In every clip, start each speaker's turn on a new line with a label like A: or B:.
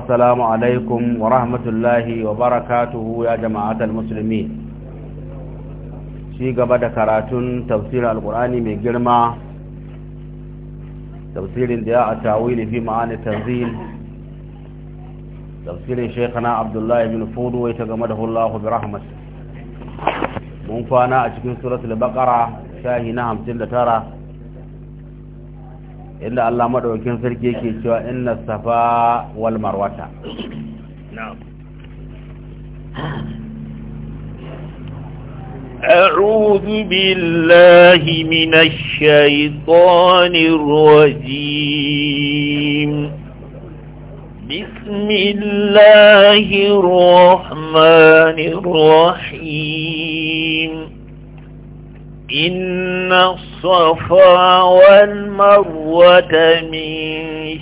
A: السلام عليكم ورحمة الله وبركاته يا جماعة المسلمين شيء قبل كراتون تفسير القرآن من جرمة تفسير دعاء التعويل في معاني التنزيل تفسير شيخنا عبد الله بن فود ويتقمده الله برحمته من فانا أشكين سورة البقرة شاهي نعم سنة ترى inda Allah madaukakin sarki yake cewa inna safa wal marwa ta أعوذ
B: بالله من الشيطان الرجيم بسم الله الرحمن الرحيم إن الصفا والمروة من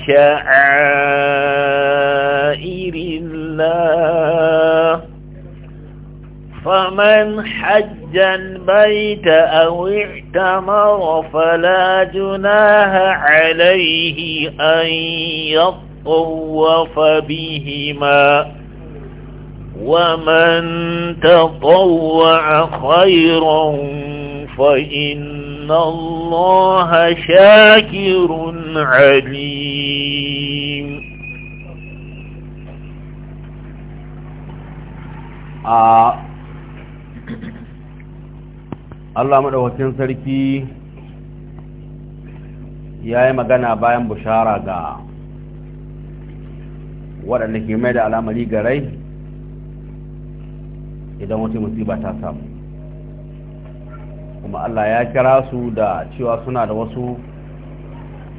B: شعائر الله فمن حج البيت أو اعتمر فلا جناه عليه أن يطوف بهما ومن تطوع خيراً فإن الله شاكر عليم
A: Allah maɗaukakin sarki ya yi magana bayan bushara ga waɗanda ke mai da alamari ga rai idan wata musiba ta samu kuma Allah ya kira su da cewa suna da wasu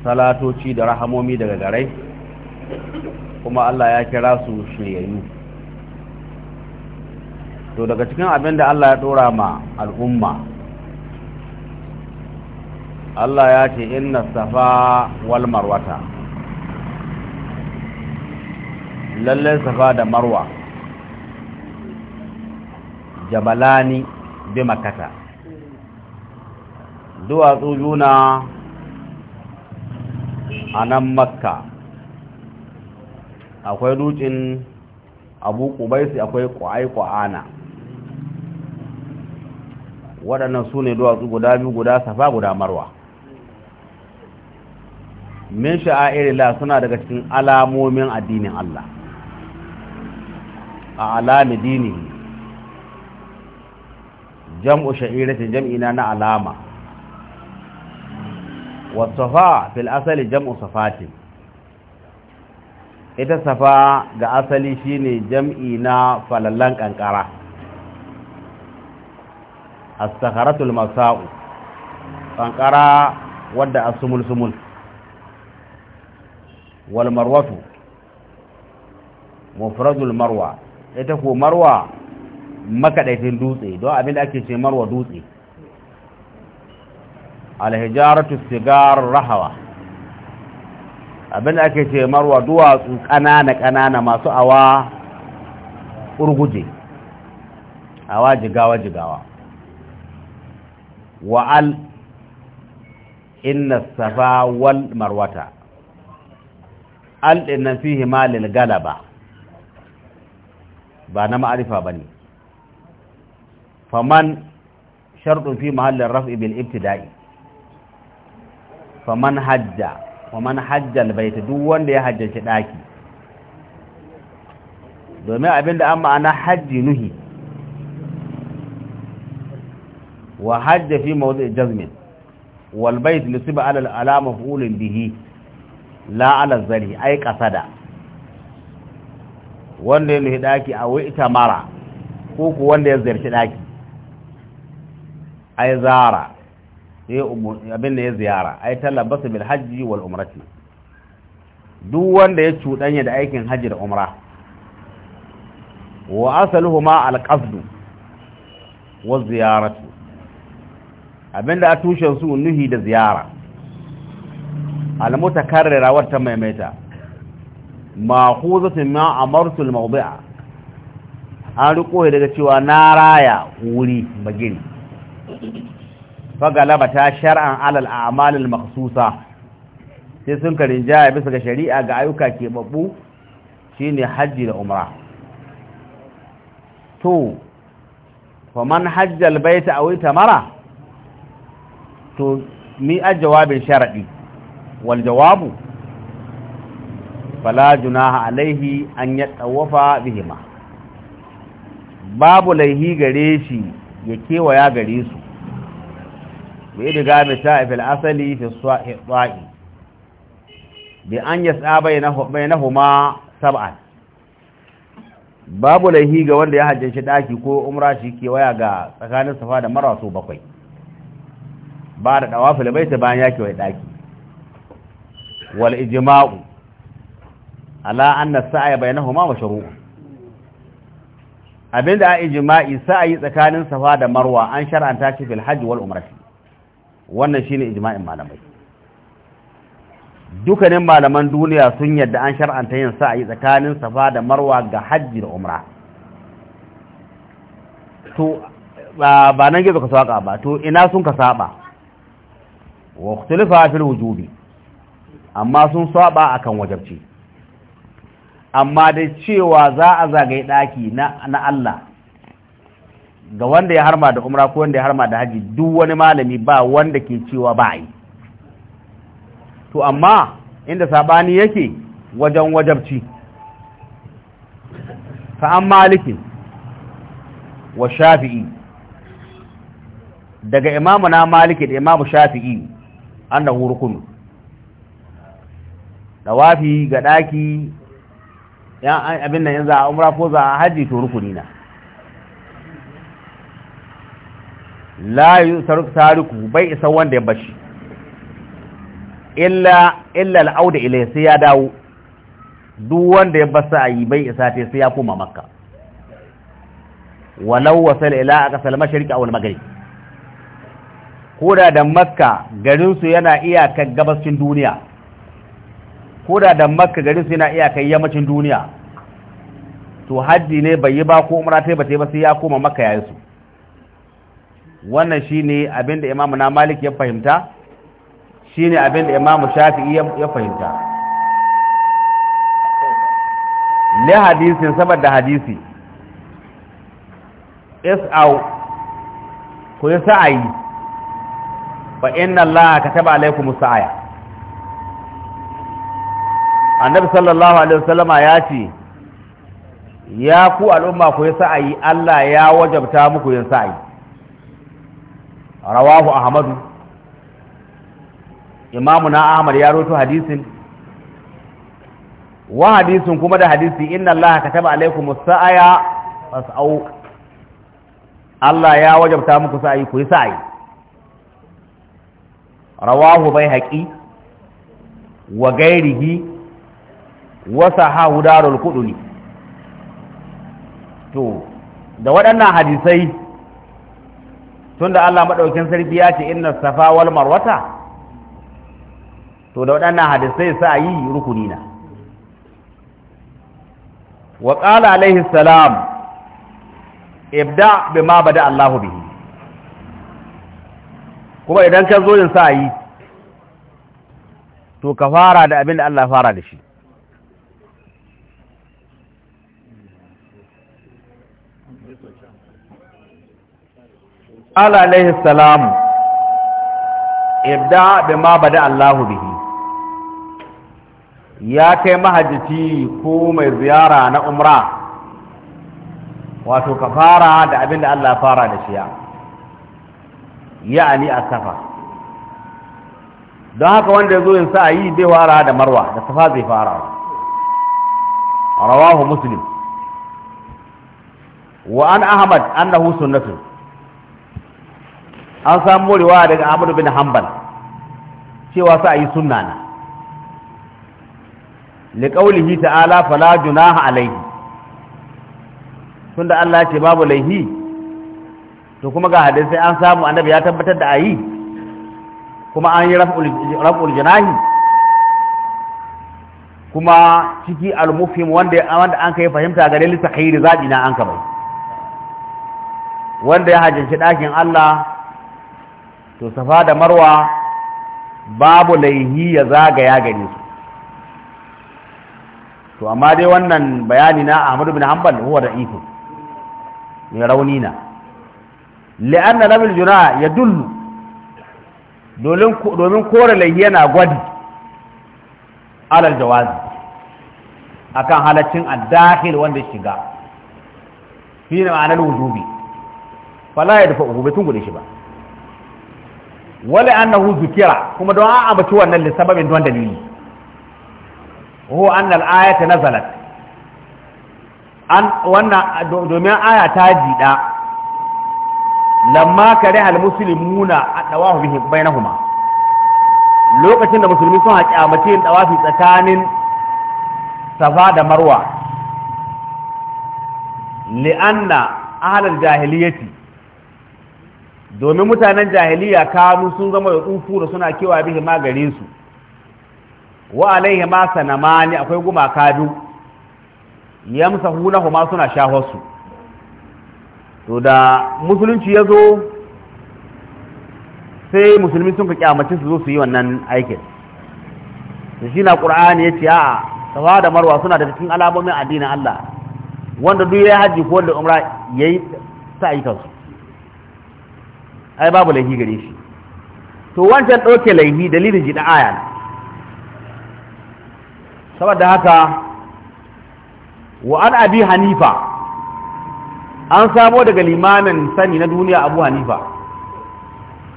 A: salatoci da rahamomi daga garai kuma Allah ya kira su shiryayyu to daga cikin abin da Allah ya dora ma al'umma Allah ya ce inna safa wal marwata lallai safa da marwa jabalani bi makata duwatsu juna a nan makka akwai dutsen abu kubaisi akwai kwa'ai kwa'ana waɗannan su ne duwatsu guda biyu guda safa guda marwa min sha'a'irila suna daga cikin alamomin addinin Allah a alami dini jam'u sha'iratin jam'ina na alama wasafa fil asali jam'u safatin ita safa ga asali shine jam'i na falallen ƙanƙara as-sakaratul masa'u kankara wadda asumul-sumul wal marwatu mufradul marwa ita ko marwa makadaitin dutse don abin da ake ce marwa dutse alhijaratu sigar rahawa abin ake ce marwa duwatsu ƙanana-ƙanana masu awa urguje awa jigawa-jigawa wa'al inna safa wal marwata al ɗinnan fi himalin galaba ba na ma'arifa ba ne faman sharɗin fi mahallin raf'i bil ibtida'i faman hajja wa man hajjal ta duk wanda ya hajjanci daki domin abinda an ma'ana hajji nuhi wa hajja fi mawdi jazmin wal bait nusiba ala alama fu'ulin bihi la ala zari ai kasada wanda ya nuhi daki a wai mara ko ku wanda ya ziyarci daki ai zara abin da ya ziyara ai talabasa bil hajji wal umrati duk wanda ya cuɗanya da aikin hajji da umra wa asaluhuma al qasdu wa ziyaratu abinda a tushen su nuhi da ziyara al mutakarrira wata maimaita Ma ma'khuzatun ma amartu al mawdi'a an riko daga cewa na raya wuri bagiri fagalaba ta shar'an alal amalin makhsusa sai sun karin jaya bisa ga shari'a ga ayyuka ke babbu shine hajji da umra to faman hajjal baita aw tamara to mi jawabin shar'i wal jawabu fala junaha alaihi an yatawafa bihima babu laihi gare shi ya kewaya gare su بإدغام التاء في الأصل في الصائح بأن يسعى na huma سبعا babu laihi ga wanda ya hajjace daki ko umra shi ke waya ga tsakanin safa da marwa so bakwai ba da dawafil ta bayan ya kewaye daki wal ijima'u. ala anna sa'a bainahuma mashru' abinda a ijma'i sa'i tsakanin safa da marwa an shar'anta shi fil hajj wal umrah wannan shine ijima'in malamai dukanin malaman duniya sun yadda an shar'anta yin yi tsakanin safa da marwa ga hajji da umra to ba nan gizo ka ba to ina sun ka saba wa ikhtilafa fil wujubi amma sun saba akan wajabci amma da cewa za a zagaye daki na Allah ga wanda ya harma da umra ko wanda ya harma da haji duk wani malami ba wanda ke cewa ba yi to amma inda sabani yake wajen wajabci fa an maliki wa shafi'i daga imamu na maliki da imamu shafi'i annahu Da wafi ga daki yan abin nan yanzu a umra ko za a haji to rukuni na la yusaruk tariku bai isa wanda ya bashi illa illa al'auda ilai sai ya dawo duk wanda ya basa a yi bai isa ta sai ya koma makka walau wasal ila aka salma shirka wal magari koda da makka garinsu yana iyakar gabashin duniya koda da makka garinsu yana iyakar yammacin duniya to hajji ne bai yi ba ko umra ta ba sai ya koma makka yayin su wannan shine abinda imamu na malik ya fahimta shine abinda imamu shafi'i ya fahimta le hadisin saboda hadisi is'au ku yi sa'ayi fa inna ka kataba alaikum sa'aya annabi sallallahu alaihi wasallama ya ce ya ku al'umma ku yi sa'ayi Allah ya wajabta muku yin sa'ayi rawahu ahmadu Imamu na ahmad ya roto hadisin wa hadisin kuma da hadisi inna allaha kataba alaikum sa'aya fas'au Allah ya wajabta muku sa'ayi ku yi sa'ayi rawahu baihaqi wa gairihi wa sahahu darul quduni to da waɗannan hadisai tunda Allah madaukin sarki ya ce inna safa wal marwata to da waɗannan hadisai sa yi rukuni na wa qala alaihi salam ibda bima bada Allahu bihi kuma idan ka zo yin sa'ayi to ka fara da abin da Allah fara da shi ala alaihi salam ibda ma bada Allahu bihi ya kai mahajjaci ko mai ziyara na umra wato ka fara da abin da Allah fara da shiya ya'ani a safa don haka wanda ya zo yin sa'ayi bai fara da marwa da safa zai fara rawahu muslim wa an ahmad annahu sunnatun an samu morewa daga Amadu bin Hanbal cewa sa ayi sunna na liqaulihi ta'ala fala junaha alaihi tunda Allah ya ce babu laihi to kuma ga hadisi an samu annabi ya tabbatar da ayi kuma an yi raf'ul jinahi kuma ciki al-mufhim wanda wanda an kai fahimta ga li tahiri zabi na an ka wanda ya hajjace dakin Allah to safa da marwa babu laihi ya zagaya gare su to amma dai wannan bayani na Ahmad bin Hanbal huwa da iko ya rauni na li'anna nabil juna ya dullu domin domin kore laihi yana gwadi alal jawazi akan halaccin addahil dakhil wanda shiga shi ne ma'anar wujubi fala ya dafa gobe bai tungude shi ba wala annahu zukira kuma don an ambaci wannan sababin don dalili huwa annal ayata nazalat an wannan domin aya ta jida lamma kare al muslimuna adawahu bihi bainahuma lokacin da musulmi sun haƙi a yin dawafi tsakanin safa da marwa li'anna ahlal jahiliyyati domin mutanen jahiliya kanu sun zama da tsufu da suna kewa bihi magarin su wa alaihi ma sanamani akwai gumaka biyu yamsahuna ma suna shahwar su to da musulunci ya zo sai musulmi sun ka kyamaci su zo su yi wannan aikin to shi na qur'ani yace a safa da marwa suna da cikin alamomin addinin Allah wanda duk yayi haji ko da umra yayi sa ayyukan ai babu laifi gare shi to wancan ɗauke laifi dalilin jiɗa aya saboda haka wa an abi hanifa an samo daga limamin sani na duniya abu hanifa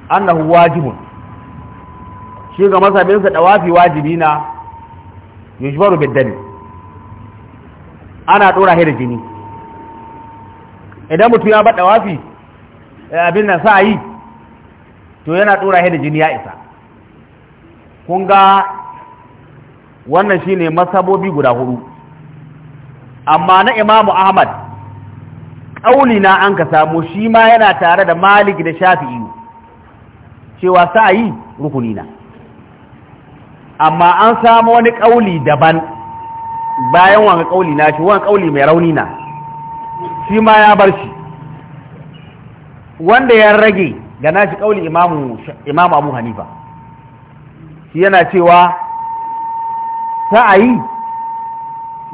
A: annahu wajibun shi ga masabinsa dawafi wajibi na yushbaru biddani ana ɗora da jini idan mutum ya ba dawafi abin nan sa yi to yana dora da jini ya isa kun ga wannan shine masabobi guda hudu amma na imamu ahmad ƙauli na an ka samu shi ma yana tare da malik da shafi'i cewa sa yi rukuni na amma an samu wani ƙauli daban bayan wani ƙauli na shi wani ƙauli mai rauni na shi ma ya bar shi wanda ya rage ga nashi kauli imamu imamu abu hanifa shi yana cewa sa'ayi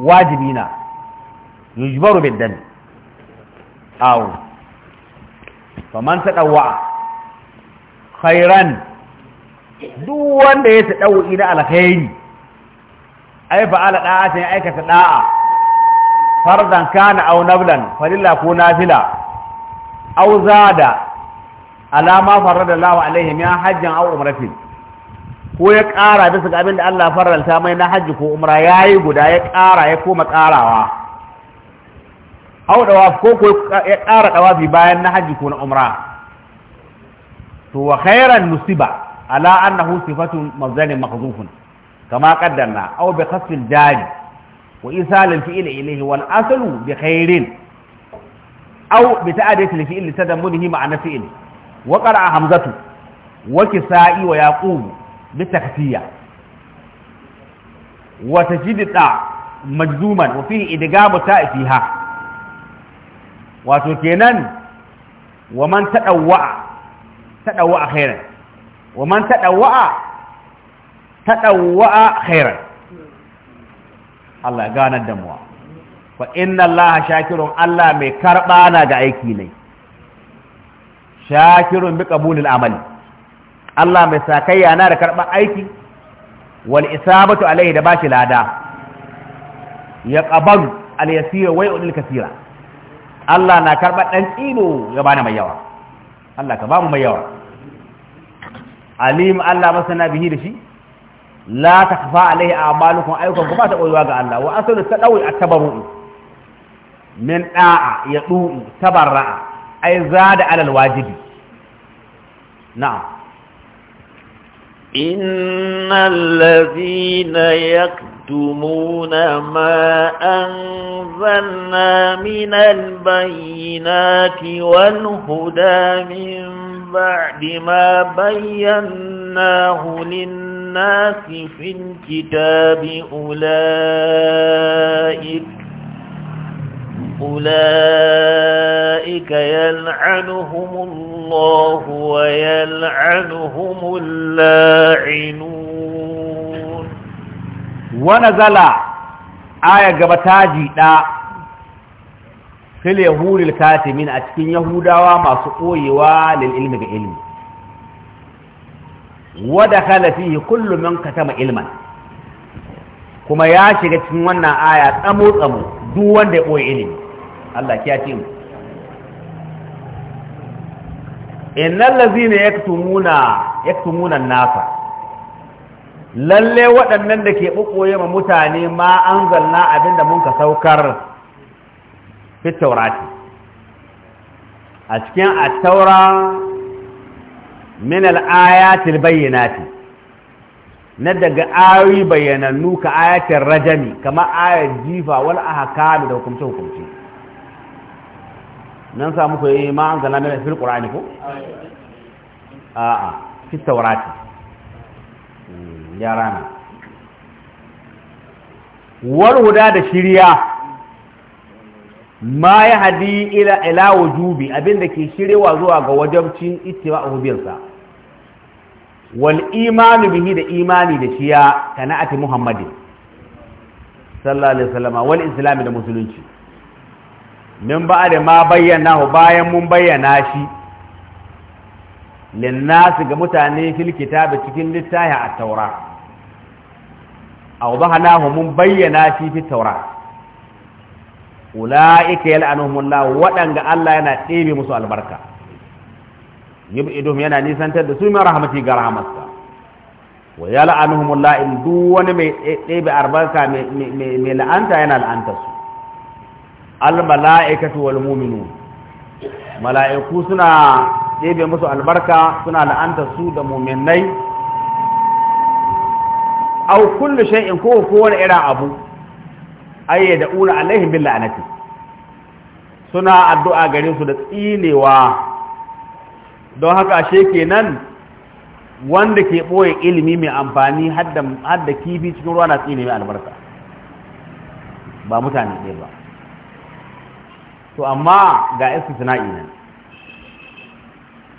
A: wajibi na yujbaru biddan aw faman tadawwa khairan duk wanda ya tadawwi na alkhairi ai fa'ala da'a sai aikata da'a fardan kana aw nablan falilla ko nafila au zada alama farada lawa alaihim ya hajjin au umratin ko ya ƙara bisa ga abin da Allah faralta mai na hajji ko umra yi guda ya ƙara ya koma ƙarawa au dawaf ko ko ya ƙara dawafi bayan na hajji ko na umra to wa khairan musiba ala annahu sifatun mazanin mahdhufun kama qaddarna aw bi khasfil jari wa isal al fi'li ilayhi wal aslu bi khairin aw bi ta'adati li fi'li tadammunihi ma'ana fi'li wa qara'a hamzatu wa kisa'i wa yaqub bi takfiya wa tajid da majzuman wa fihi idgamu ta'i wato kenan wa man Allah ganar da fa inna allaha shakirun allah mai karba na ga aiki ne shakirun bi qabulil amali allah mai sakayya na da karba aiki wal isabatu alaihi da bashi lada ya qabalu al yasir wa yudil kaseera allah na karba dan tsino ya bani mai yawa allah ka bamu mai yawa alim allah masana bihi da shi la takfa alaihi a'malukum ayyukum ba ta koyuwa ga allah wa asalu tadawi at-tabarru من داء ya du'i اي زاد على الواجب نعم
B: إن الذين يكتمون ما أنزلنا من البينات والهدى من بعد ما بيناه للناس في الكتاب أولئك أولئك يلعنهم الله ويلعنهم
A: اللاعنون ونزل آية قبتاجي fil yahudil katimin a cikin yahudawa masu koyewa lil ilmi ilmi wa dakhala fihi kullu man katama ilman kuma ya shiga cikin wannan aya tsamo tsamo duk wanda ya ɓoye ilimi Allah ya ce mu innal ladhina yaktumuna yaktumuna nasa lalle waɗannan da ke ɓoɓɓoye ma mutane ma an zanna abin mun ka saukar fit taurati a cikin attaura min ayatil bayyinati na daga ayoyi bayyanannu ka ayatin rajami kamar ayar jifa wal ahkam da hukumce hukumce nan samu ku yi ma an zana mai fil qur'ani ko a'a fi tawrati hmm, ya rana wal huda da shirya ma ya hadi ila ila wujubi abinda ke shirewa zuwa ga wajabcin ittiba biyarsa wal imanu bihi da imani da shiya kana'ati muhammadin sallallahu alaihi wasallam wal islam da musulunci min ba da ma bayyana bayan mun bayyana shi linnasi ga mutane fil kitabi cikin littafi a taura awdahnahu mun bayyana shi fi taura ula'ika yal'anuhum Allah waɗanda Allah yana ɗebe musu albarka yub'idum yana nisantar da su min rahmati ga rahmatsa wa yal'anuhum la'in duk wani mai ɗebe albarka mai la'anta yana la'anta su al mala'ikatu wal mu'minun mala'iku suna ɗebe musu albarka suna la'anta su da mu'minai aw kullu shay'in ko ko wani irin abu ayyada ula alaihim bil la'nati suna addu'a gare su da tsinewa don haka ashe kenan wanda ke ɓoye ilimi mai amfani hadda kifi cikin ruwa na tsini mai albarka ba mutane ɗaya ba to amma ga istisna'i nan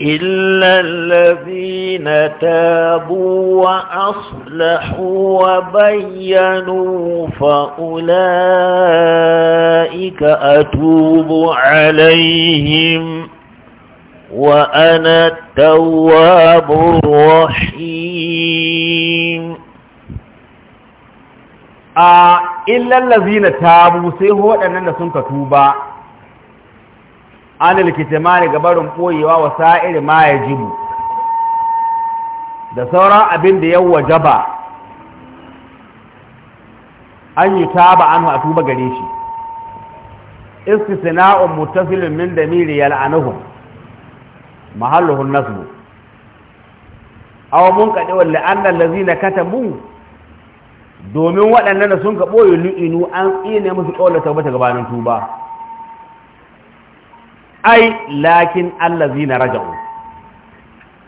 A: إلا الذين
B: تابوا وأصلحوا وبينوا فأولئك أتوب عليهم وأنا التواب
A: الرحيم إلا الذين تابوا سيهو أننا سنك توبا عن الكتمان قبل قوي ووسائل ما يجب da sauran abin da ya wajaba an yi taba an a tuba gare shi istisna'un muttasilun min damiri yal'anuhum mahalluhun nasbu aw mun kade wal na allazina katabu domin waɗannan da sun ka ɓoye lu'inu an tsine musu ƙaunar ta gabanin tuba ai lakin allazina raja'u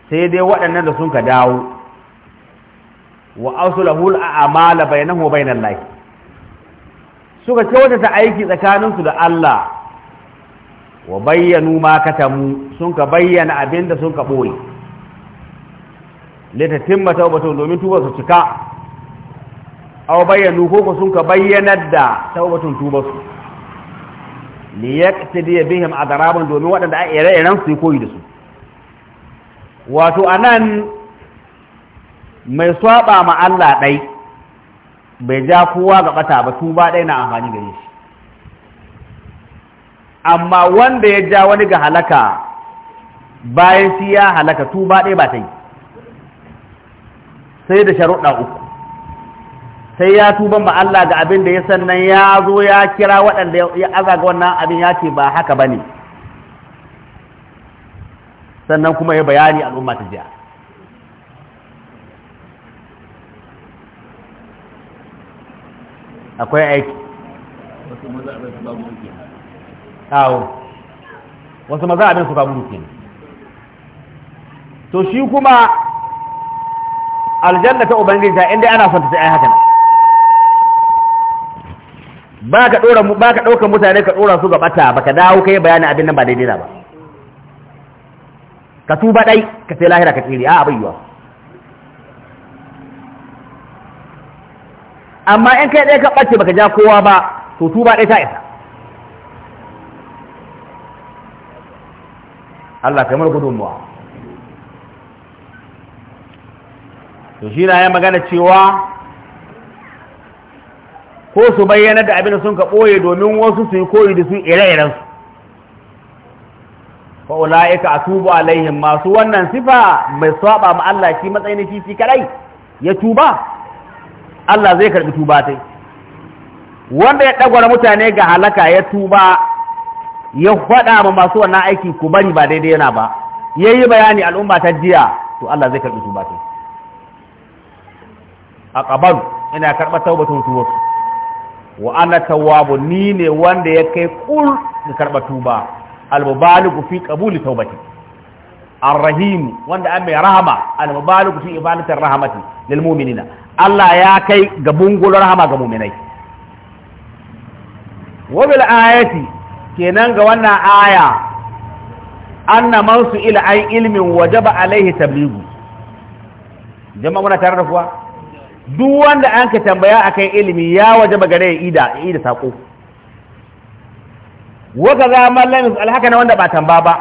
A: sai dai waɗannan da sun ka dawo wa ausulahul a'mala bainahu wa suka ce suka kyautata aiki tsakaninsu da Allah wa bayyanu ma katamu sun ka bayyana abinda sun ka boye lita timma taubatun domin tuba su cika aw bayyanu ko ko sun ka bayyanar da taubatun tuba su li yaktadi bihim adrabun domin wadanda a ire-iren su koyi da su wato anan mai saba ma Allah dai bai ja kowa ga bata ba tuba dai na amfani gare shi amma wanda ya ja wani ga halaka bayan shi ya halaka tuba ɗaya ba ta yi sai da sharuɗa uku sai ya tuba ma Allah ga abin da ya sannan ya zo ya kira waɗanda ya aza ga wannan abin ya ce ba haka ba ne sannan kuma ya bayani al'umma ta jiya akwai aiki awo wasu maza abin su kamu ke to shi kuma aljanna ta ubangiji ta inda ana son ta sai haka ba ka dora ba ka daukar mutane ka dora su ga bata baka dawo kai bayanin abin nan ba daidai ba ka tuba dai ka sai lahira ka tsiri a abin yiwa amma in kai dai ka bace baka ja kowa ba to tuba dai ta isa Allah gudun nuwa to shi na ya magana cewa ko su bayyana da abin da sun ka ɓoye domin wasu su yi koyi da su ire-iren su fa'ula'ika a tubu alaihim masu wannan sifa mai saba ma Allah shi matsayin shi shi kadai ya tuba Allah zai karbi tuba tai wanda ya dagwara mutane ga halaka ya tuba ya faɗa ma masu wannan aiki ku bari ba daidai yana ba ya yi bayani al'umma ta jiya to Allah zai karɓi tuba ta a ƙabaru ina karɓar taubatun su wasu wa ana tawabu ni ne wanda ya kai kul da karɓar tuba al-mubaligu fi qabuli taubati ar-rahim wanda an mai rahama al-mubaligu fi ibadatir rahmati lil mu'minina Allah ya kai ga bungulo rahama ga mu'minai wa bil ayati kenan ga wannan aya anna su ila ai ilmin wajaba alaihi tabligu jama'a muna tare da kuwa duk wanda an ka tambaya akan ilimi ya wajaba gare ya ida ya ida sako waka za man lam yusal haka na wanda ba tamba ba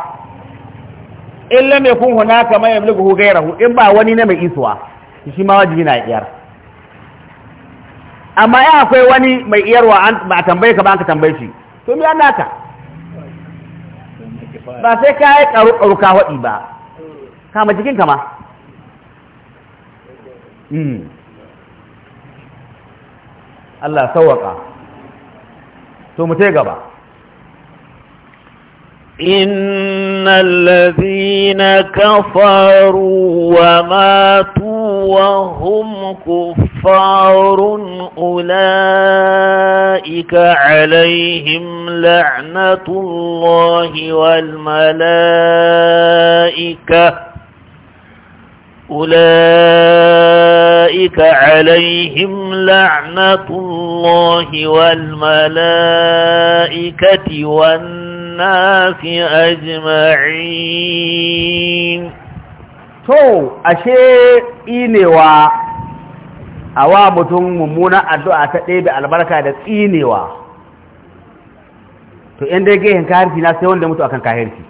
A: in lam yakun hunaka man yamliku ghayrahu in ba wani ne mai isuwa shi ma wajibi na iyar amma ya akwai wani mai iyarwa ba tambaye ka ba an ka tambaye shi to me an naka
C: ba sai ka yi karu ka waɗi
A: ba kama jikin kama hmm. Allah sauwaƙa to mu gaba
B: إن الذين كفروا وماتوا وهم كفار أولئك عليهم لعنة الله والملائكة أولئك عليهم لعنة الله والملائكة والناس الناس أجمعين to
A: ashe inewa awa mutum mummuna addu'a ta ɗebe albarka da tsinewa to inda gehen kahirci na sai wanda mutu akan kahirci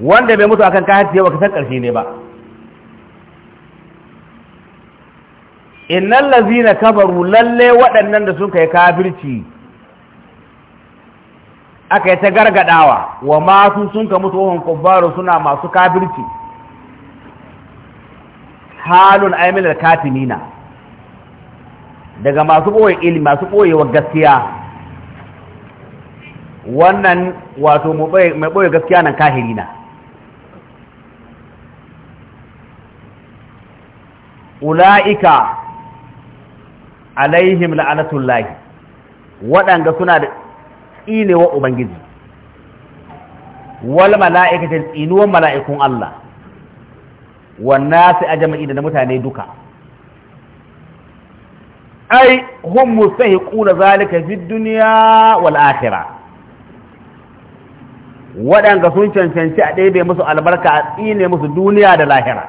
A: wanda bai mutu akan kahirci yau baka san ƙarshe ne ba innal lazina kafaru lalle waɗannan da sun kai kafirci aka yi ta gargadawa wa masu sun ka mutu wahun kubbaru suna masu kafirci halun aimilar katimina daga masu ɓoye ilimi masu wa gaskiya wannan wato mai ɓoye gaskiya nan kahirina ula'ika alaihim la'anatullahi waɗanda suna da tsinewa ubangiji wal mala'ikatin tsinuwan mala'ikun Allah wannan a ajama'i da mutane duka ai hum mustahiquna zalika fi dunya wal akhirah waɗanda sun cancanci a ɗebe musu albarka a tsine musu duniya da lahira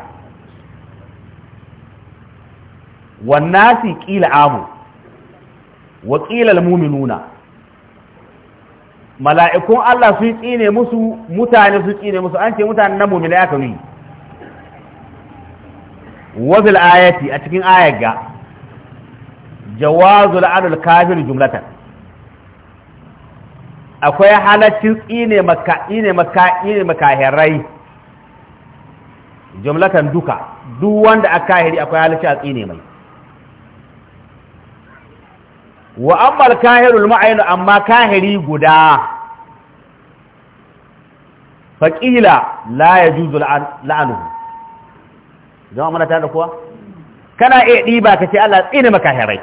A: wannan su ƙila amu wa ƙila almuminuna mala'ikun Allah su tsine musu mutane su tsine musu an ce mutane na mumina ya kanu wazil ayati a cikin ayar ga jawazul adul kafir jumlatan akwai halaccin tsine maka tsine maka tsine makahirai jumlatan duka duk wanda aka kahiri akwai halaccin a tsine mai wa ammal kahirul ma'ayinu amma kahiri guda faƙila la ya juzu la'anuhu zama mana tare da kuwa kana iya ɗiba ka ce Allah tsini makahirai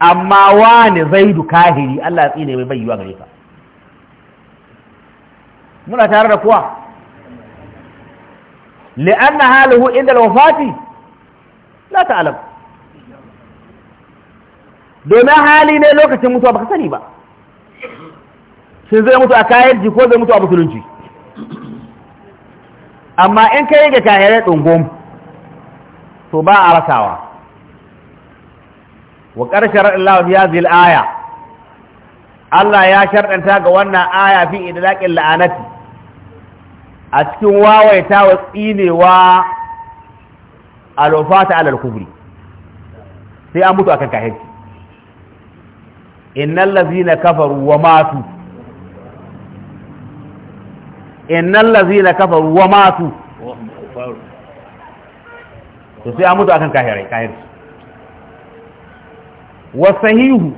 A: amma wani zaidu kahiri Allah tsini mai bayyuwa gare ka muna tare da kuwa li'anna haluhu inda al-wafati la ta'lam domin hali ne lokacin mutuwa baka sani ba shin zai mutu a kayan ko zai mutu a musulunci amma in kai ga kayarai ɗungum to ba a rasawa wa ƙarshen Allah ya zil aya Allah ya sharɗanta ga wannan aya fi idlaƙin la'anati a cikin wawaita wa tsinewa alofata alal kubri sai an mutu akan kahirci innal lazina kafaru wa matu to sai an mutu akan kahirai kahirci wasahihu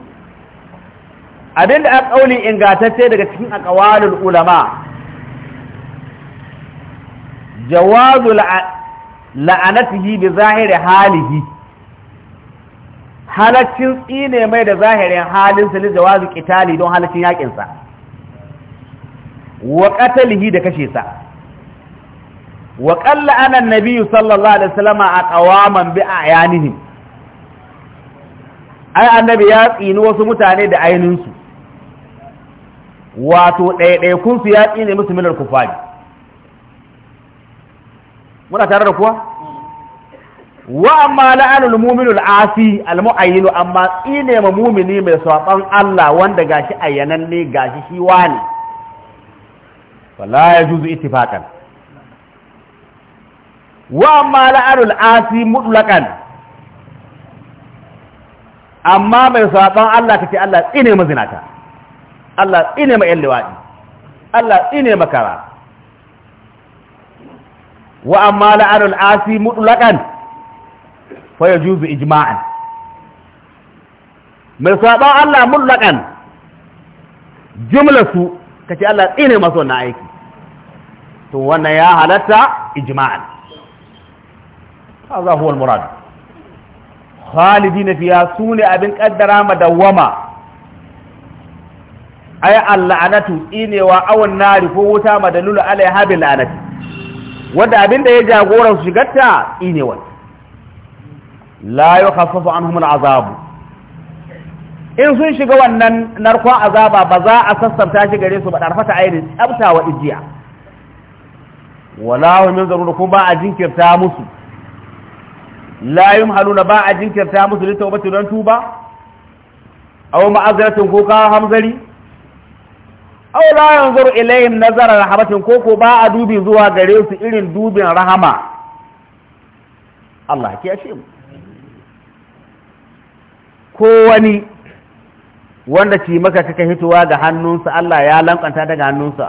A: abinda a kauli ingatacce daga cikin aqwalul ulama jawazu la'anatihi bi zahiri halihi halaccin tsine mai da zahirin halin da lizawazi qitali don halaccin yaƙinsa. wa qatalihi da kashe sa wa qalla ana annabi sallallahu alaihi wasallam a qawaman bi ayanihim ai annabi ya tsini wasu mutane da ainin su wato ɗaya su ya tsine musu milar kufari muna tare da kuwa wa amma la'anul mu'minul asi al mu'ayyin amma ine ma mu'mini mai saban Allah wanda gashi ne gashi shi wani wala yajuzu ittifaqan wa amma la'anul asi mutlaqan amma mai saban Allah kace Allah tsine ma zinata Allah tsine ma yan liwadi Allah tsine ma kara wa amma la'anul asi mutlaqan fa ijma'an mai saban Allah mullakan jumlatu kace Allah tsine masu wannan aiki to wannan ya halatta ijma'an hadha huwa al khalidina fiha sune abin kaddara madawama ay al-la'natu inewa awan nari ko wuta madalul alaiha bil la'nati wanda abin da ya jagora su shigarta inewa la an anhum azabu in sun shiga wannan narkon azaba ba za a sassabta shi gare su ba darfata ainin tsabta wa ijiya wala hum yanzurun kuma a jinkirta musu la yumhaluna ba a jinkirta musu litawbatu dan tuba aw ma'azratin ko ka hamzari aw la yanzuru ilayhim nazara rahmatin ko ko ba a dubi zuwa gare su irin dubin rahama Allah ke ce mu ko wani wanda ci maka kaka hitowa ga hannunsa Allah ya lankanta daga hannunsa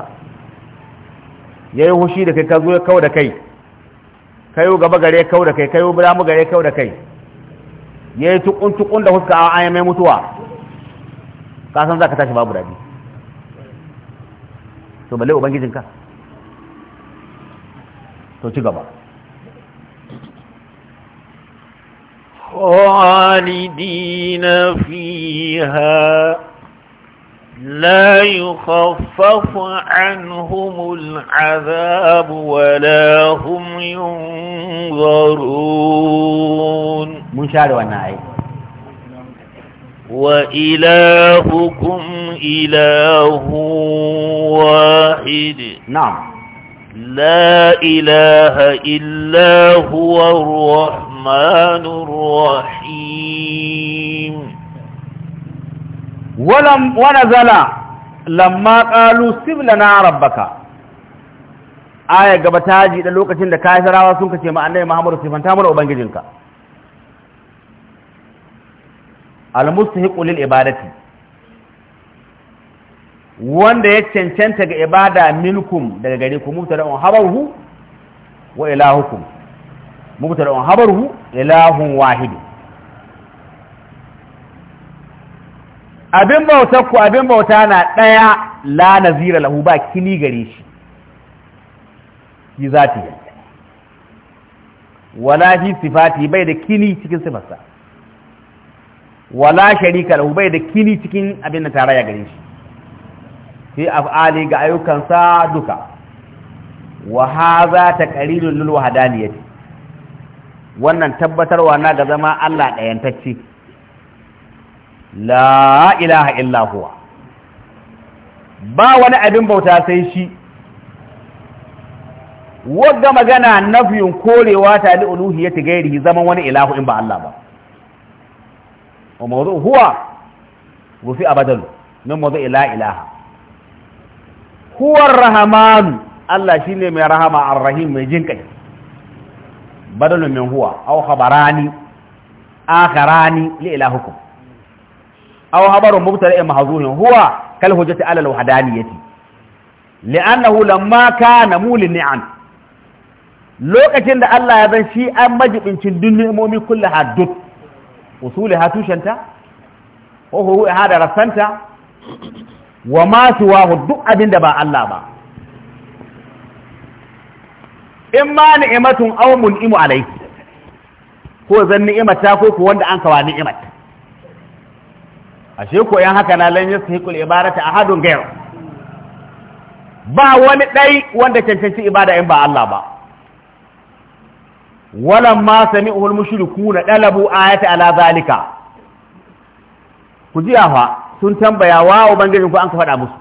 A: ya yi hushi da kai ka zo kawo da kai kayo gaba gare kawo da kai kayo biramu gare kawo da kai ya yi tukun-tukun da huska a ayyamai mutuwa kasan za ka tashi babu daɗi to balle ubangijinka to ci gaba
B: خالدين فيها لا يخفف عنهم العذاب ولا هم ينظرون منشار ونعي آية. وإلهكم إله واحد نعم لا إله إلا هو الرحمن الرحمن الرحيم
A: ولم ونزل لما قالوا سب لنا ربك aya gaba ta da lokacin da kafirawa sun kace ma annabi Muhammad sifanta mana ubangijinka al-mustahiqu lil ibadati wanda ya cancanta ga ibada minkum daga gare ku mutara habahu wa ilahukum مبتدا وخبره اله واحد abin bautar ku abin bauta na ɗaya la له با ba kini gare shi shi zati wala fi sifati bai da kini cikin sifarsa wala sharika lahu bai da kini cikin abin da tarayya gare shi fi af'ali ga ayyukansa duka wa hadha wahdaniyati wannan tabbatarwa na ga zama Allah ɗayantacci la ilaha illa huwa ba wani abin bauta sai shi wadda magana nafiyin korewa ta li ta gairi, zaman wani ilahu in ba Allah ba wa mawdu huwa rufi badalu min mawdu ila ilaha huwar rahamanu. Allah shi ne mai rahama ar-rahim mai kai badalun min huwa aw khabarani akharani li ilahukum aw khabarun mubtada'in mahzufun huwa kal hujjati ala al wahdaniyati li'annahu lamma kana mulin ni'am lokacin da Allah ya zan shi an majibincin dun ni'imomi kullu haddud usuli hatushanta wa huru'iha da rasanta wa ma suwahu duk abinda ba Allah ba in ma ni'imatun aw mun'imu alayhi ko zan ni'imata ko ko wanda an kawa ni'imat ashe ko yan haka na lan yashiqul ibarata ahadun ghayr ba wani dai wanda cancanci ibada in ba Allah ba ma sami'ul na dalabu ayati ala zalika ku jiya fa sun tambaya wa ubangijin ku an ka faɗa musu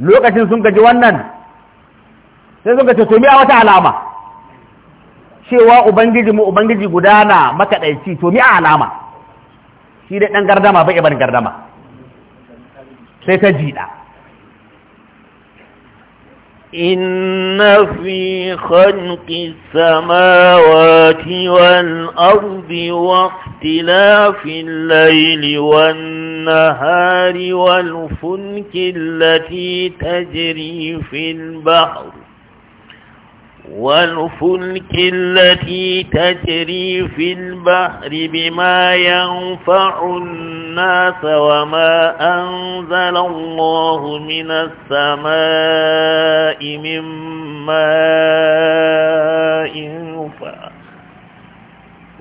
A: lokacin sun gaji wannan sai suka ce to miya wata alama cewa ubangiji mu ubangiji gudana makaɗaici to miya alama shi da ɗan gardama bai ban gardama sai ta jiɗa
B: إن في خلق السماوات والأرض واختلاف الليل والنهار والفلك التي تجري في البحر والفلك التي تجري في البحر بما ينفع الناس وما أنزل الله من السماء من ماء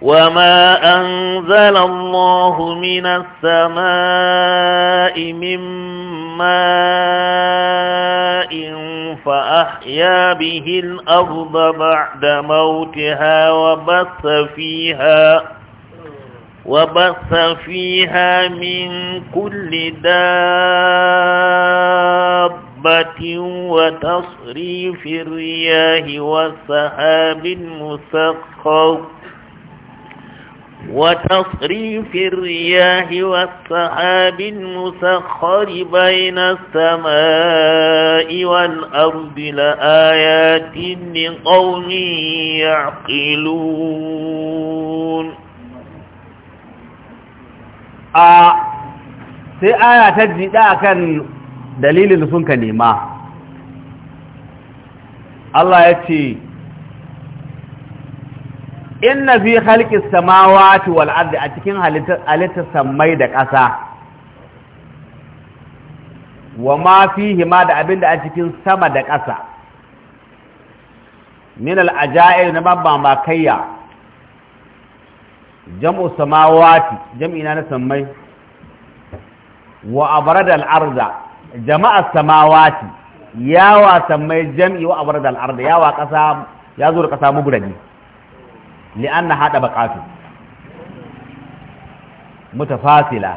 B: وما أنزل الله من السماء من ماء فأحيا به الأرض بعد موتها وبث فيها وبث فيها من كل دابة وتصريف الرياح والسحاب المسخر وتصريف الرياح والسحاب المسخر بين السماء والأرض لآيات لقوم يعقلون
A: آه، في آية تجد كان دليل لسنك نيمة الله يتي inna fi halki samawati wal ardi a cikin halittar samai da ƙasa wa ma fihi ma da abinda a cikin sama da ƙasa min al ajaib na babban makayya jam'u samawati jam'i na samai wa abrada al arda jama'a samawati yawa samai jam'i wa abrada al arda yawa ƙasa ya zo da ƙasa mugurani ni li'anna hada baqatu متفاصلة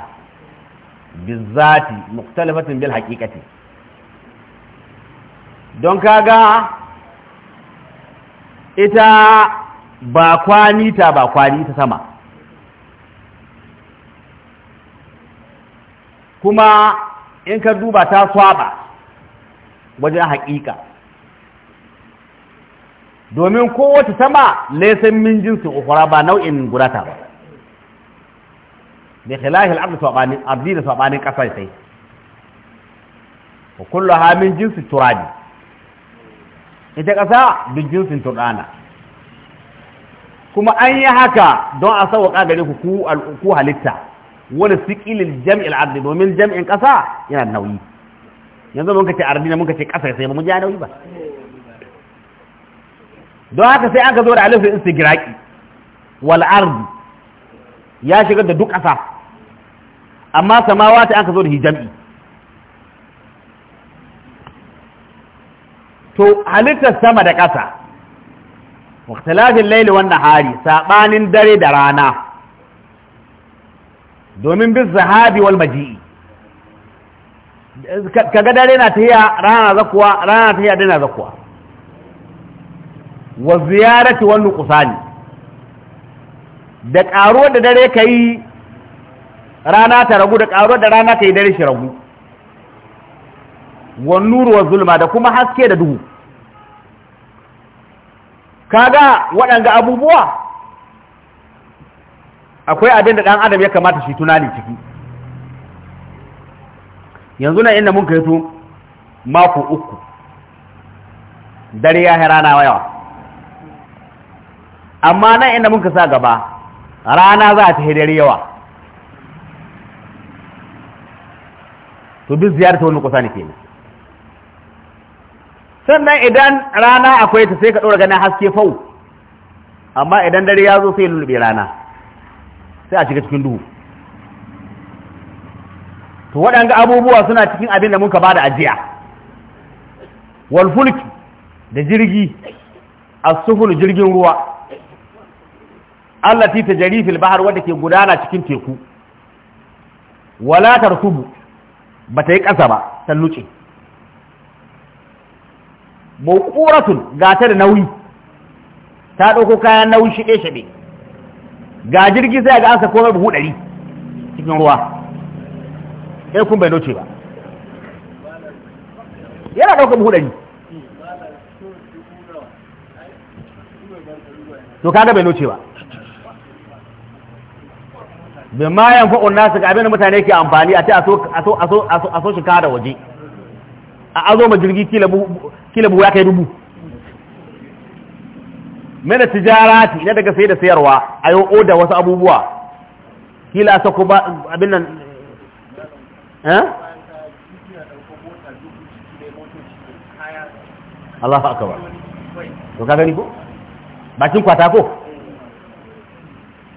A: بالذات مختلفة بالحقيقة don kaga ita ba kwani ta ba kwani ta sama kuma in ka duba ta swaba wajen haƙiƙa domin kowace sama laysan min jinsin ukhra ba nau'in gudata ba bi khilahi al-ardi sabani ardi da sabani kasai sai wa kulluha min jinsi turabi ita kasa duk jinsin turdana kuma an yi haka don a sauƙa gare ku ku halitta wani sikilin jam'il ardi domin jam'in kasa yana nauyi yanzu mun kace ardi ne mun kace kasa sai mun ji nauyi ba don haka sai aka zo da alifin istigraki wal ardi ya shigar da duk ƙasa amma samawa ta aka zo da hijami to halittar sama da ƙasa waktalafin laili wannan hari saɓanin dare da rana domin bin zahabi wal maji'i ga dare na ta rana zakuwa rana na tahiya dare zakuwa wa ziyarati wannan nuqsani da ƙaro da dare kai rana ta ragu da ƙaro da rana kai dare shi ragu wa nuru wa zulma da kuma haske da duhu kaga waɗanga abubuwa akwai abin da ɗan adam ya kamata shi tunani ciki yanzu na inda mun kai to mako uku dare ya rana yawa amma nan inda muka sa gaba rana za ta hidar yawa to duk ziyarar ta wani kusa ne kenan sannan idan rana akwai ta sai ka ɗora ganin haske fau amma idan dare ya zo sai lulluɓe rana sai a shiga cikin duhu to waɗanga abubuwa suna cikin abin da muka ba da ajiya fulki da jirgi a jirgin ruwa allati jari fil bahar wadda ke gudana cikin teku wala tarkubu ta yi ƙasa ba ta luce mawquratun ta da nauyi ta dauko kayan nauyi shide shide ga jirgi sai ga aka komai buhu ɗari cikin ruwa sai kun bai noce ba yana dauka buhu ɗari. to kaga bai noce ba bi ma yan yanfa'u nasu ga abin da mutane ke amfani a ce a so a so a shi kada waje a azo ma jirgi kila buwa kila bu ya kai dubu mana tijarati na daga sai da sayarwa a ayo oda wasu abubuwa kila a sako ba abin nan eh aka ba to ka gani ko bakin kwata ko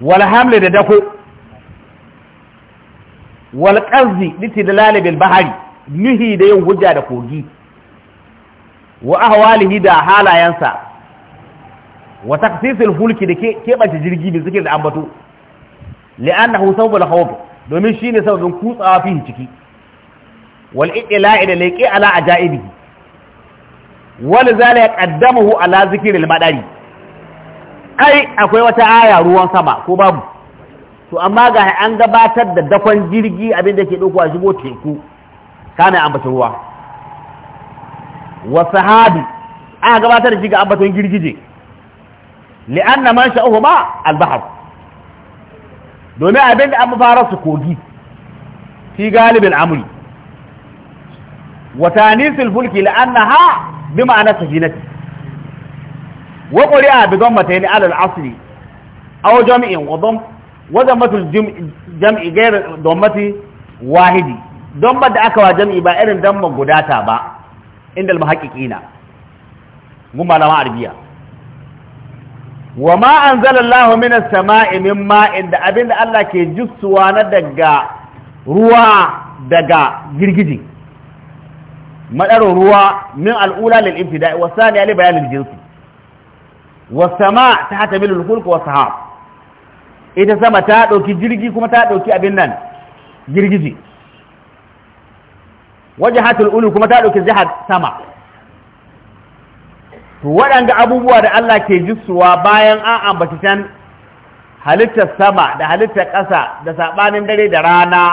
A: wala hamle da dako wal qazzi da lalibin bahari nuhi da yin hujja da kogi wa ahwalihi da halayensa. wa taqsisul hulki da ke jirgi mai zikir da ambato li'annahu sawbul khawf domin shine sababin kutsawa fi ciki wal iqla'i da laqi ala ajaibihi wal zala yaqaddamuhu ala zikril madari ai akwai wata aya ruwan sama ko babu to amma ga an gabatar da dakon jirgi abinda ke ɗauko a shigo teku kana ambata ruwa wa sahabi an gabatar da shi ga ambaton jirgi girgije li'anna man sha'uhu ma al-bahr domin abin da an fara su kogi fi galibin amri wa tanisul fulki li'annaha bi ma'ana safinati wa qari'a bi dhammatayn ala al-asli aw jam'in wa dhamm wazammatul jam'i gairar dommati wahidi don ba da aka wa jam'i ba irin damma gudata ba inda almuhaqiqina mu malama arbiya wa ma anzalallahu minas sama'i min ma'in da abinda Allah ke jussuwa na daga ruwa daga girgiji madarin ruwa min al'ula lil ibtida'i wa saniya li bayan al jinsi wa sama ta hatamilul hulq wa sahab ita sama ta ɗauki jirgi kuma ta ɗauki abin nan girgiji waje hatul ulu kuma ta ɗauki jihar sama to waɗanda abubuwa da Allah ke jisuwa bayan an ambaci can halittar sama da halittar ƙasa da saɓanin dare da rana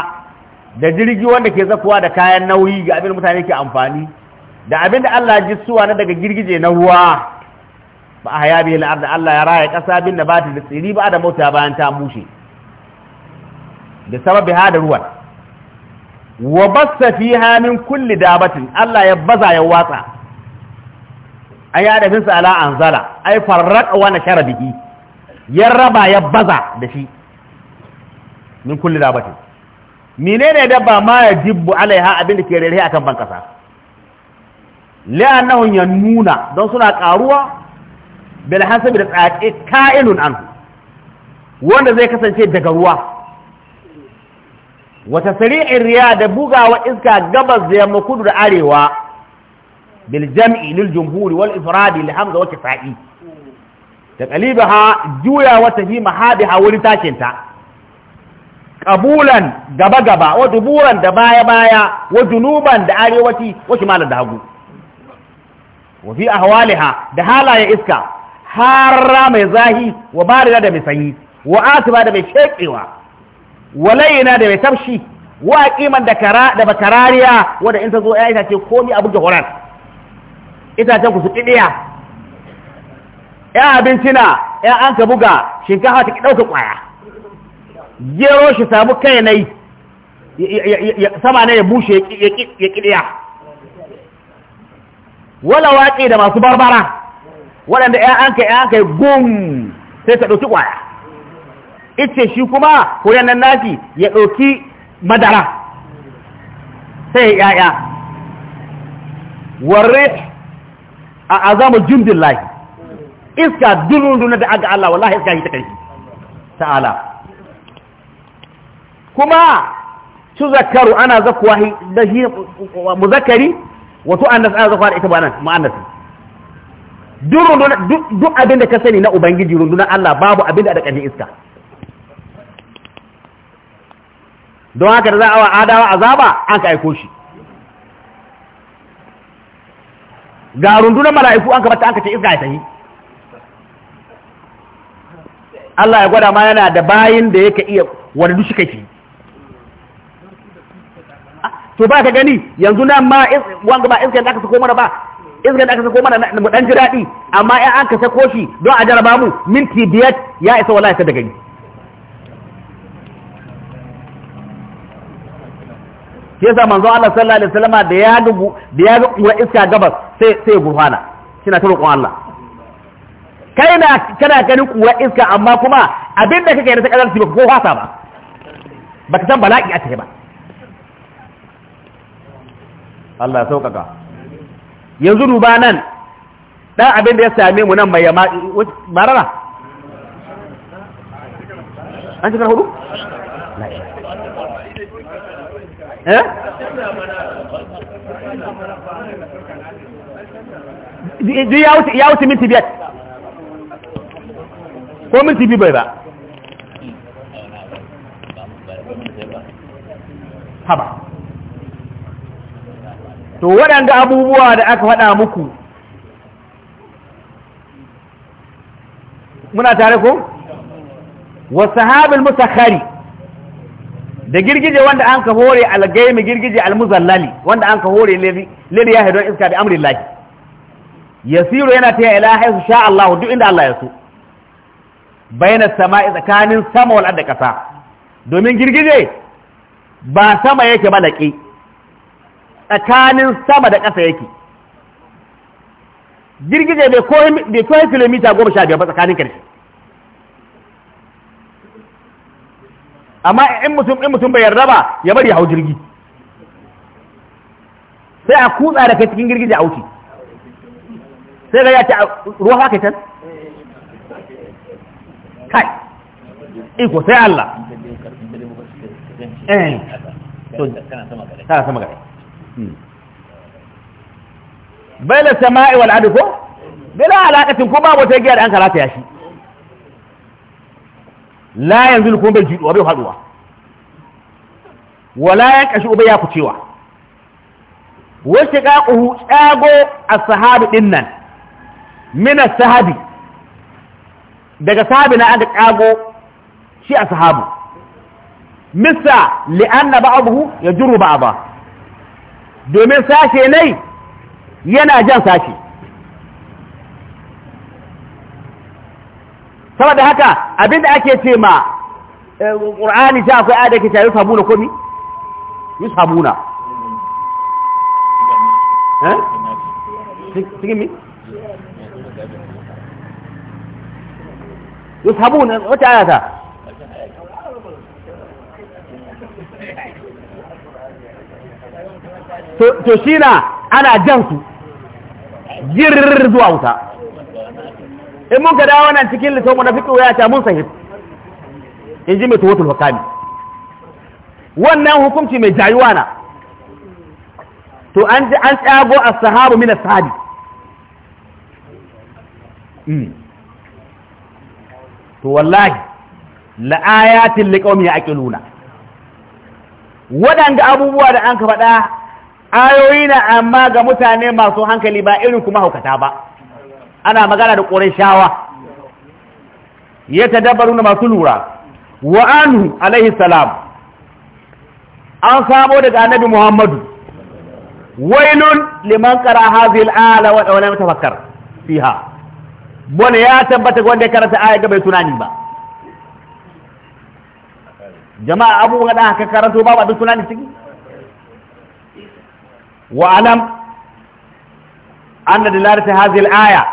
A: da jirgi wanda ke zakuwa da kayan nauyi ga abin mutane ke amfani da abin da Allah jisuwa na daga girgije na ruwa ba a haya bihi al'arda Allah ya raya ƙasa bin da ba da tsiri ba da mota bayan ta mushe da sababi ha da ruwan wa basta fiha min kulli dabatin Allah ya baza ya watsa ay adafin sa ala anzala ay farraqa wa nashara bihi ya raba ya baza da shi min kulli dabatin menene dabba ma ya jibbu alaiha abin da ke rere akan ban kasa la'annahu yanuna don suna karuwa bil hasabi da tsaki ka'ilun an wanda zai kasance daga ruwa wata sari'in riya da bugawa iska gabas da yamma kudu da arewa bil jam'i lil jumhuri wal ifradi li hamza wa kisa'i ta qalibaha juya wa tafi mahadiha wuri takinta ta qabulan gaba gaba wa duburan da baya baya wa junuban da arewaci wa shimalan da hagu wa fi ahwaliha da halaye iska harra mai zahi wa barira da mai sanyi wa atiba da mai shekewa wa layina da mai tafshi wa kiman da kara da bakarariya wanda in ta zo ya itace komi abu da horan itacen ku su kidiya ya abincina ya an ka buga shinkafa ta dauka kwaya gero shi samu kai nai sama ne ya bushe ya kidiya wala waƙi da masu barbara waɗanda ‘ya'yanka ‘ya'yanka ya gum sai ta ɗauki ƙwaya ice shi kuma wurin nan nashi ya ɗauki madara sai ‘ya'ya warre a azama jumbin lahi iska dunundun da aga Allah wallahi iska yi ta ƙarfi ta'ala kuma su zakaru ana zakuwa da shi muzakari wato an da zakuwa da ita ba nan ma'annasi duk abin da ka sani na ubangiji runduna Allah babu abin da a daƙanin iska don haka da za a wa adawa azaba an ka aiko shi ga rundunar mala'iku an ka bata an ka ce iska ya tahi Allah ya gwada ma yana da bayin da yake iya wani dushi kake ah, to ba ka gani yanzu nan ma wanga ba iska da aka ko mana ba izgan da aka sako mana mu dan ji daɗi amma ya aka sako shi don a jaraba mu minti biyar ya isa wallahi ta da gani shi yasa manzo Allah sallallahu alaihi wasallama da ya ga da ya ga kura iska gabas sai sai burhana kina ta roƙon Allah kai na kana ganin kura iska amma kuma abinda kake da ta kazarci ba ko fasa ba baka san bala'i a take ba Allah ya sauƙaƙa yanzu duba nan ɗan abin da ya same mu nan mai yama marara
C: an shekar hudu? eh?
A: ya wuce minti biyar
C: ko minti biyu bai ba haba
A: to waɗanda abubuwa da aka faɗa muku muna tare ko wasu habil musakhari da girgije wanda an ka hore algaimi girgije almuzallali wanda an ka hore lili ya haidon iska da amri lahi yasiru yana ta ila su sha Allah duk inda Allah ya so bayanar sama'i tsakanin sama wal'ad da ƙasa domin girgije ba sama yake malaki tsakanin sama da ƙasa yake girgije bai koyi kilomita goma sha biyar ba tsakanin ƙarshe, amma in mutum in mutum bai yarda ba ya bari hau jirgi sai a kutsa da kai cikin girgije a wuce sai ga ya ce ruwa haka can
C: kai iko sai Allah eh to kana
A: sama gare baila sama'i wal adu ko bila alaqatin ko babu ta giya da an karata ya shi la yanzu ko bai jiduwa bai faduwa wala ya kashi ubai ya kucewa wasu ƙaƙuhu tsago a sahabi ɗin nan mina sahabi daga sahabi na aka tsago shi a sahabu misa li'anna ba'abuhu ya juru ba. domin sashe nai yana jan sashe saboda haka abinda ake ce ma ƙur'ani eh, ta akwai adaki ta yi sabuna komi yi sabuna eh? cikin mi?
C: yi wata ayata to shi na
A: ana jansu su zuwa wuta in mun ka dawo nan cikin littafin munafiqu ya ta mun sahib in ji mai tawatul hukami wannan hukunci mai jayuwa na to an ji an tsago a sahabu mina as-sahabi hmm. to wallahi la'ayatin liqawmi yaqiluna waɗanda abubuwa da an ka faɗa ayoyi na amma ga mutane masu hankali ba irin kuma haukata ba ana magana da shawa ya dabaru na masu lura wa anhu alaihi salam an samo daga annabi muhammadu wailun liman kara hadhihi ala wa lam tafakkar fiha bone ya tabbata wanda ya karanta aya ga bai ba jama'a abubuwan da aka karanto babu abin tunani ciki واعلم ان دلاله هذه aya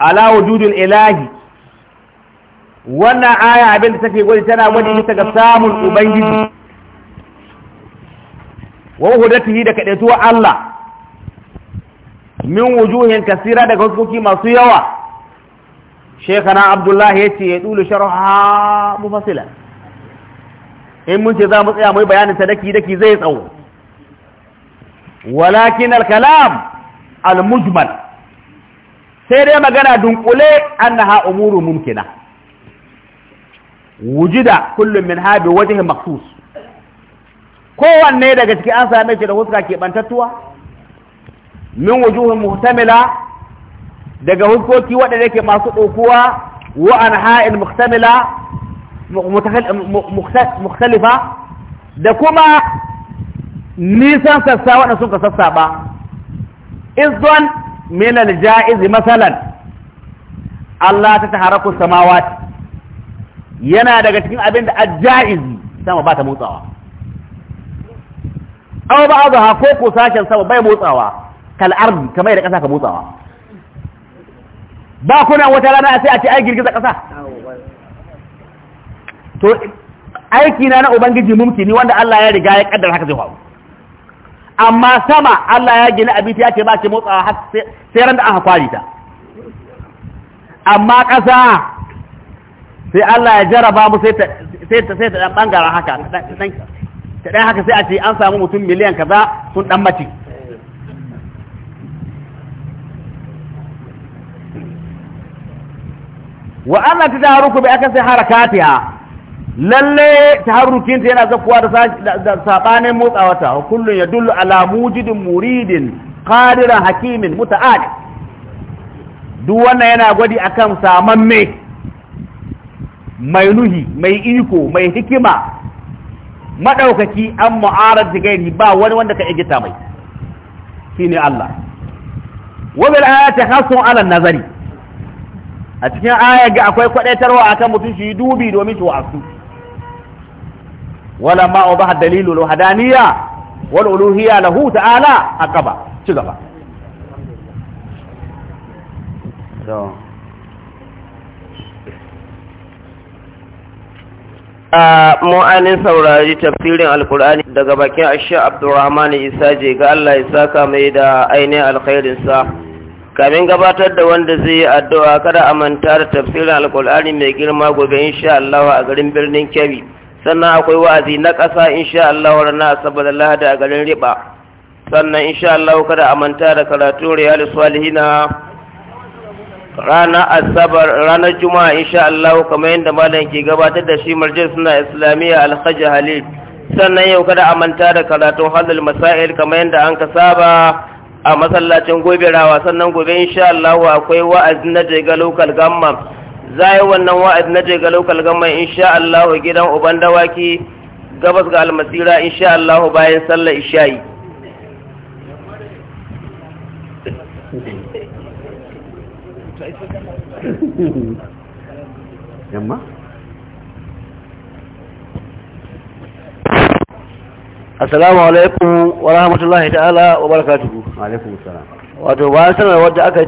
A: على وجود الاله wannan aya abin da take gwada tana gwada ita ga samun ubangiji wa hudati da kadaituwa Allah min wujuhin kasira daga hukuki masu yawa shekana Abdullah yace ya dulu sharha mufassila in mun ce za mu tsaya mu yi bayanin sadaki daki zai tsawo walakin al-kalam al-mujmal sai dai magana dunkule annaha umuru mumkina wujida kullum min habi wajhi maqsus kowanne daga cikin an same shi da huska ke bantattuwa min wujuhin muhtamila daga huskoki waɗanda yake masu ɗaukuwa wa anha'in muhtamila da kuma nisan sassa waɗanda suka sassaɓa izon minal ja'izi masalan Allah ta taharaku samawati yana daga cikin abin da ja'izi sama ba ta motsawa aw ba ba ko ko sashen sama bai motsawa kal ardi kamar da kasa ka motsawa ba kuna wata rana sai a ce ai girgiza kasa to aiki na na ubangiji mumkini wanda Allah ya riga ya kaddara haka zai faru amma sama Allah ya gina abinci ya ce ba ce motsawa sai ran da aka kwari ta amma ƙasa sai Allah ya jaraba mu sai ta sai ta bangaren haka ta ɗan haka sai a ce an samu mutum miliyan kaza sun ɗan mace wa ana ta da ruku bi akan sai harakatiha lalle harukin ta yana zakuwa da sabanin motsawata wa kullun dullu ala mujidin muridin qadiran hakimin muta'ali duk wannan yana gwadi akan samamme mai nuhi mai iko mai hikima madaukaki an mu'arad da gairi ba wani wanda ka igita mai shine Allah wa bil ayati khassun ala nazari a cikin aya ga akwai kwadaitarwa akan mutum shi dubi domin shi wa'asu ولما أوضح الدليل الوحدانية والألوهية له تعالى أقبى شقبى
B: mu anin saurari tafsirin alqur'ani daga bakin ashi abdurrahman isa je ga Allah ya saka mai da ainihin alkhairinsa kamin gabatar da wanda zai yi addu'a kada a manta da tafsirin alkur'ani mai girma gobe insha Allah a garin birnin kebbi sannan akwai wa'azi na ƙasa insha Allah wa rana asabar lahada a garin riba sannan insha Allah kada a manta da karatu riyal salihina ranar asabar ranar juma'a insha Allah kamar yadda malam ke gabatar da shi marjin suna islamiyya alhaji halil sannan yau kada a manta da karatun halil masail kamar yadda an ka saba a masallacin gobe rawa sannan gobe insha Allah akwai wa'azi na daga local za yi wannan wa'ad na je ga lokal gama insha Allah gidan uban dawaki gabas ga almasira insha Allah bayan sallar isha'i
C: yamma
A: assalamu alaikum wa rahmatullahi ta'ala wa barakatuhu alaikum assalam wato bayan sanarwar aka